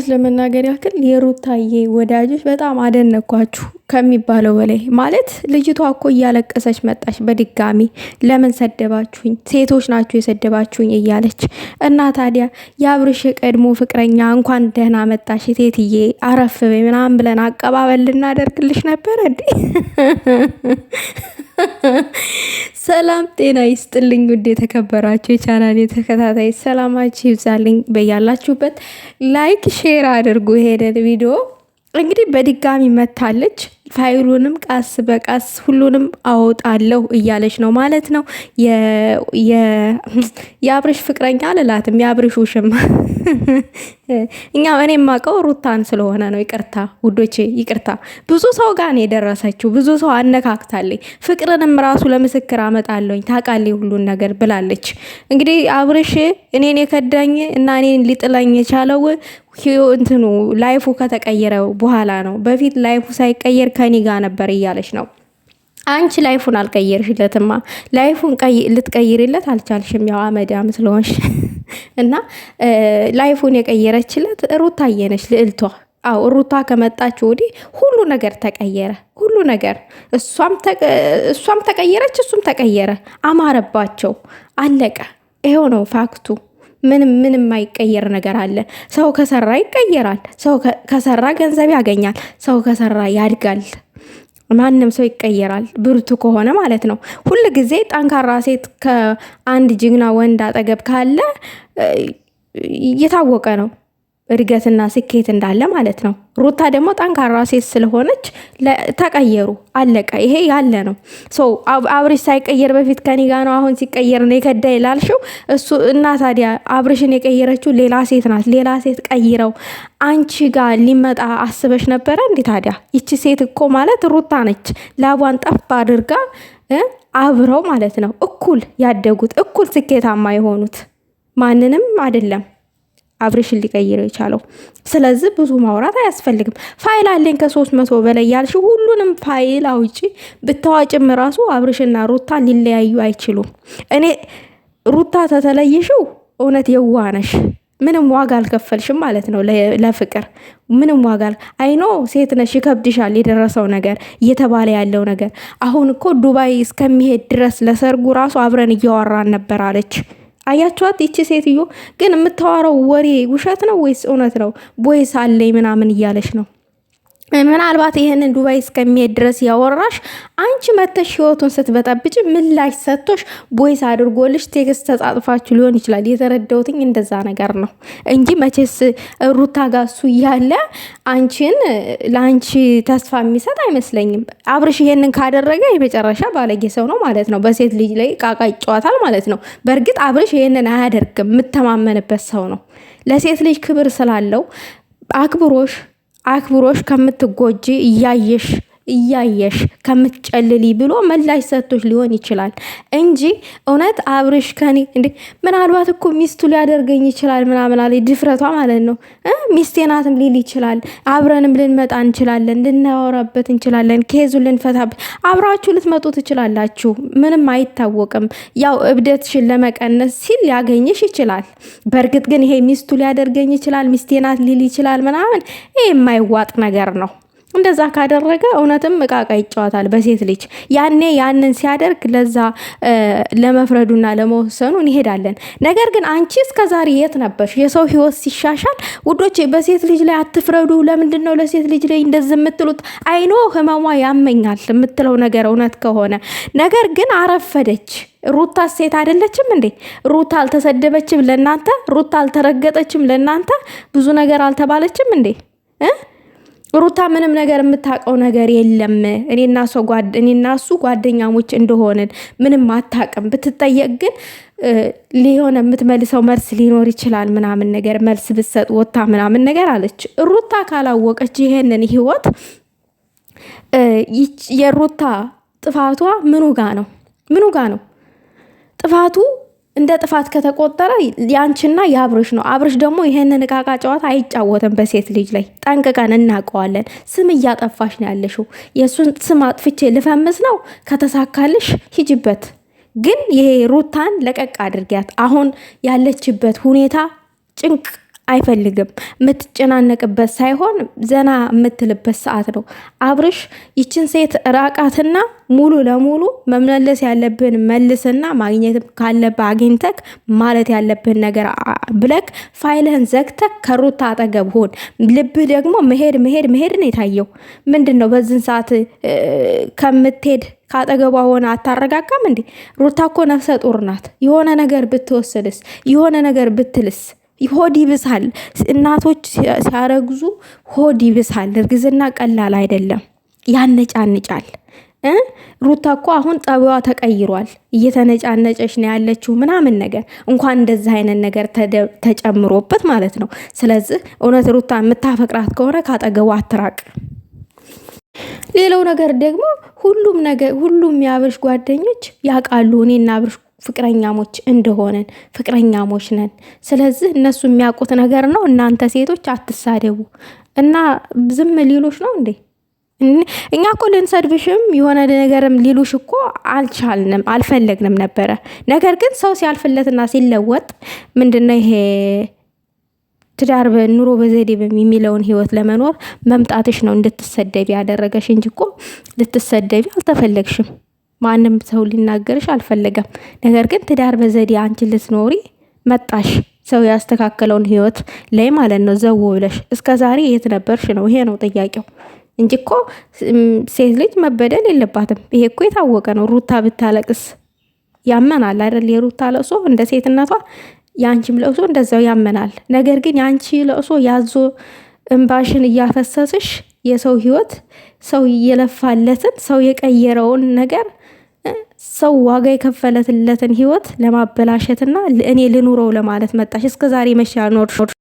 እውነት ለመናገር ያክል የሩታዬ ወዳጆች በጣም አደነኳችሁ። ከሚባለው በላይ ማለት ልጅቷ እኮ እያለቀሰች መጣች። በድጋሚ ለምን ሰደባችሁኝ፣ ሴቶች ናችሁ የሰደባችሁኝ እያለች እና ታዲያ የአብርሽ ቀድሞ ፍቅረኛ እንኳን ደህና መጣሽ ሴትዬ አረፍ በይ ምናምን ብለን አቀባበል ልናደርግልሽ ነበር እንዴ? ሰላም ጤና ይስጥልኝ። ውድ የተከበራችሁ የቻናል የተከታታይ ሰላማችሁ ይብዛልኝ። በያላችሁበት ላይክ ሼር አድርጉ። ሄደን ቪዲዮ እንግዲህ በድጋሚ መታለች። ፋይሉንም ቃስ በቃስ ሁሉንም አወጣለሁ እያለች ነው ማለት ነው። የአብርሽ ፍቅረኛ አልላትም፣ የአብርሽ ውሽማ እኛ እኔ የማውቀው ሩታን ስለሆነ ነው። ይቅርታ ውዶቼ፣ ይቅርታ። ብዙ ሰው ጋር ነው የደረሰችው። ብዙ ሰው አነካክታለኝ። ፍቅርንም ራሱ ለምስክር አመጣለኝ ታውቃለች፣ ሁሉን ነገር ብላለች። እንግዲህ አብርሽ እኔን የከዳኝ እና እኔን ሊጥለኝ የቻለው እንትኑ ላይፉ ከተቀየረ በኋላ ነው። በፊት ላይፉ ሳይቀየር ከኔ ጋር ነበር እያለች ነው። አንቺ ላይፉን አልቀየርሽለትማ። ላይፉን ልትቀይርለት አልቻልሽም፣ ያው አመዳም ስለሆንሽ እና ላይፉን የቀየረችለት ሩታ አየነች ልዕልቷ። አዎ ሩታ ከመጣች ወዲህ ሁሉ ነገር ተቀየረ። ሁሉ ነገር እሷም ተቀየረች፣ እሱም ተቀየረ። አማረባቸው፣ አለቀ። ይሄው ነው ፋክቱ። ምንም ምንም የማይቀየር ነገር አለ። ሰው ከሰራ ይቀየራል። ሰው ከሰራ ገንዘብ ያገኛል። ሰው ከሰራ ያድጋል። ማንም ሰው ይቀየራል፣ ብርቱ ከሆነ ማለት ነው። ሁል ጊዜ ጠንካራ ሴት ከአንድ ጀግና ወንድ አጠገብ ካለ እየታወቀ ነው። እድገትና ስኬት እንዳለ ማለት ነው። ሩታ ደግሞ ጠንካራ ሴት ስለሆነች ተቀየሩ፣ አለቀ። ይሄ ያለ ነው። አብርሽ ሳይቀየር በፊት ከኔ ጋ ነው፣ አሁን ሲቀየር ነው የከዳ ይላልሽው እሱ እና ታዲያ አብርሽን የቀየረችው ሌላ ሴት ናት። ሌላ ሴት ቀይረው አንቺ ጋር ሊመጣ አስበሽ ነበረ እንዴ? ታዲያ ይቺ ሴት እኮ ማለት ሩታ ነች። ላቧን ጠፍ አድርጋ አብረው ማለት ነው እኩል ያደጉት እኩል ስኬታማ የሆኑት ማንንም አይደለም አብሬሽን ሊቀይረው የቻለው። ስለዚህ ብዙ ማውራት አያስፈልግም። ፋይል አለኝ ከሶስት መቶ በላይ ያልሽ ሁሉንም ፋይል አውጪ ብታዋጭም ራሱ አብሬሽና ሩታ ሊለያዩ አይችሉም። እኔ ሩታ ተተለይሽው እውነት የዋነሽ ምንም ዋጋ አልከፈልሽም ማለት ነው። ለፍቅር ምንም ዋጋ አይኖ ሴት ነሽ፣ ይከብድሻል። የደረሰው ነገር እየተባለ ያለው ነገር አሁን እኮ ዱባይ እስከሚሄድ ድረስ ለሰርጉ ራሱ አብረን እያወራን ነበር አለች። አያችኋት? ይቺ ሴትዮ ግን የምታወራው ወሬ ውሸት ነው ወይስ እውነት ነው? ቦይስ አለኝ ምናምን እያለች ነው። ምናልባት ይህንን ዱባይ እስከሚሄድ ድረስ ያወራሽ አንቺ መተሽ ህይወቱን ስትበጠብጭ ምላሽ ሰጥቶሽ ቦይስ አድርጎልሽ ቴክስት ተጻጥፋችሁ ሊሆን ይችላል። የተረዳውትኝ እንደዛ ነገር ነው እንጂ መቼስ ሩታ ጋሱ እያለ አንቺን ለአንቺ ተስፋ የሚሰጥ አይመስለኝም። አብርሽ ይሄንን ካደረገ የመጨረሻ ባለጌ ሰው ነው ማለት ነው። በሴት ልጅ ላይ ቃቃ ይጫወታል ማለት ነው። በእርግጥ አብርሽ ይሄንን አያደርግም፣ የምተማመንበት ሰው ነው። ለሴት ልጅ ክብር ስላለው አክብሮሽ አክብሮሽ ከምትጎጂ እያየሽ እያየሽ ከምትጨልሊ ብሎ መላሽ ሰቶች ሊሆን ይችላል እንጂ እውነት አብርሽ ከኔ እንዴ ምናልባት እኮ ሚስቱ ሊያደርገኝ ይችላል ምናምን አለ ድፍረቷ ማለት ነው። ሚስቴናትም ሊል ይችላል። አብረንም ልንመጣ እንችላለን፣ ልናወራበት እንችላለን፣ ከዙ ልንፈታበት አብራችሁ ልትመጡ ትችላላችሁ። ምንም አይታወቅም። ያው እብደትሽን ለመቀነስ ሲል ሊያገኝሽ ይችላል። በእርግጥ ግን ይሄ ሚስቱ ሊያደርገኝ ይችላል፣ ሚስቴናት ሊል ይችላል ምናምን ይሄ የማይዋጥ ነገር ነው። እንደዛ ካደረገ እውነትም እቃቃ ይጫወታል በሴት ልጅ። ያኔ ያንን ሲያደርግ ለዛ ለመፍረዱና ለመወሰኑ እንሄዳለን። ነገር ግን አንቺ እስከዛሬ የት ነበርሽ? የሰው ህይወት ሲሻሻል ውዶች፣ በሴት ልጅ ላይ አትፍረዱ። ለምንድን ነው ለሴት ልጅ ላይ እንደዚህ የምትሉት? አይኖ ህመሟ ያመኛል የምትለው ነገር እውነት ከሆነ ነገር ግን አረፈደች። ሩታ ሴት አይደለችም እንዴ? ሩታ አልተሰደበችም ለእናንተ? ሩታ አልተረገጠችም ለእናንተ? ብዙ ነገር አልተባለችም እንዴ? ሩታ ምንም ነገር የምታውቀው ነገር የለም። እኔና እኔና እሱ ጓደኛሞች እንደሆንን ምንም አታውቅም። ብትጠየቅ ግን ሊሆነ የምትመልሰው መልስ ሊኖር ይችላል ምናምን ነገር መልስ ብትሰጥ ወታ ምናምን ነገር አለች። ሩታ ካላወቀች ይሄንን ህይወት የሩታ ጥፋቷ ምኑ ጋ ነው? ምኑ ጋ ነው ጥፋቱ? እንደ ጥፋት ከተቆጠረ ያንቺና የአብርሽ ነው። አብርሽ ደግሞ ይሄንን እቃቃ ጨዋታ አይጫወትም በሴት ልጅ ላይ ጠንቅቀን እናውቀዋለን። ስም እያጠፋሽ ነው ያለሽው። የእሱን ስም አጥፍቼ ልፈምስ ነው። ከተሳካልሽ ሂጅበት፣ ግን ይሄ ሩታን ለቀቅ አድርጊያት። አሁን ያለችበት ሁኔታ ጭንቅ አይፈልግም። የምትጨናነቅበት ሳይሆን ዘና የምትልበት ሰዓት ነው። አብርሽ ይችን ሴት ራቃትና ሙሉ ለሙሉ መመለስ ያለብን መልስና ማግኘት ካለበ አግኝተክ ማለት ያለብን ነገር ብለክ ፋይልህን ዘግተክ ከሩታ አጠገብ ሆን። ልብህ ደግሞ መሄድ መሄድ መሄድ ነው የታየው። ምንድን ነው በዚህን ሰዓት ከምትሄድ ካጠገቧ ሆነ አታረጋጋም እንዴ? ሩታ እኮ ነፍሰ ጡር ናት። የሆነ ነገር ብትወስድስ? የሆነ ነገር ብትልስ? ሆድ ይብሳል። እናቶች ሲያረግዙ ሆድ ይብሳል። እርግዝና ቀላል አይደለም፣ ያነጫንጫል። ሩታ እኮ አሁን ጠቢዋ ተቀይሯል። እየተነጫነጨች ነው ያለችው ምናምን ነገር እንኳን እንደዚህ አይነት ነገር ተጨምሮበት ማለት ነው። ስለዚህ እውነት ሩታ የምታፈቅራት ከሆነ ካጠገቡ አትራቅ። ሌላው ነገር ደግሞ ሁሉም ነገር ሁሉም የአብርሽ ጓደኞች ያውቃሉ እኔ እና አብርሽ ፍቅረኛሞች እንደሆነን ፍቅረኛሞች ነን። ስለዚህ እነሱ የሚያውቁት ነገር ነው። እናንተ ሴቶች አትሳደቡ እና ዝም ሊሉሽ ነው እንዴ? እኛ እኮ ልንሰድብሽም የሆነ ነገርም ሊሉሽ እኮ አልቻልንም አልፈለግንም ነበረ። ነገር ግን ሰው ሲያልፍለትና ሲለወጥ ምንድነው ይሄ ትዳር በኑሮ በዘዴ የሚለውን ህይወት ለመኖር መምጣትሽ ነው እንድትሰደቢ ያደረገሽ እንጂ እኮ ልትሰደቢ አልተፈለግሽም። ማንም ሰው ሊናገርሽ አልፈለገም። ነገር ግን ትዳር በዘዴ አንቺ ልትኖሪ መጣሽ። ሰው ያስተካከለውን ህይወት ላይ ማለት ነው ዘው ብለሽ። እስከ ዛሬ የት ነበርሽ ነው? ይሄ ነው ጥያቄው እንጂ እኮ ሴት ልጅ መበደል የለባትም። ይሄ እኮ የታወቀ ነው። ሩታ ብታለቅስ ያመናል አይደል? የሩታ ለቅሶ እንደ ሴትነቷ የአንቺም ለቅሶ እንደዛው ያመናል። ነገር ግን የአንቺ ለቅሶ ያዞ እንባሽን እያፈሰስሽ የሰው ህይወት ሰው እየለፋለትን ሰው የቀየረውን ነገር ሰው ዋጋ የከፈለትለትን ህይወት ለማበላሸትና እኔ ልኑረው ለማለት መጣሽ። እስከ ዛሬ መቼ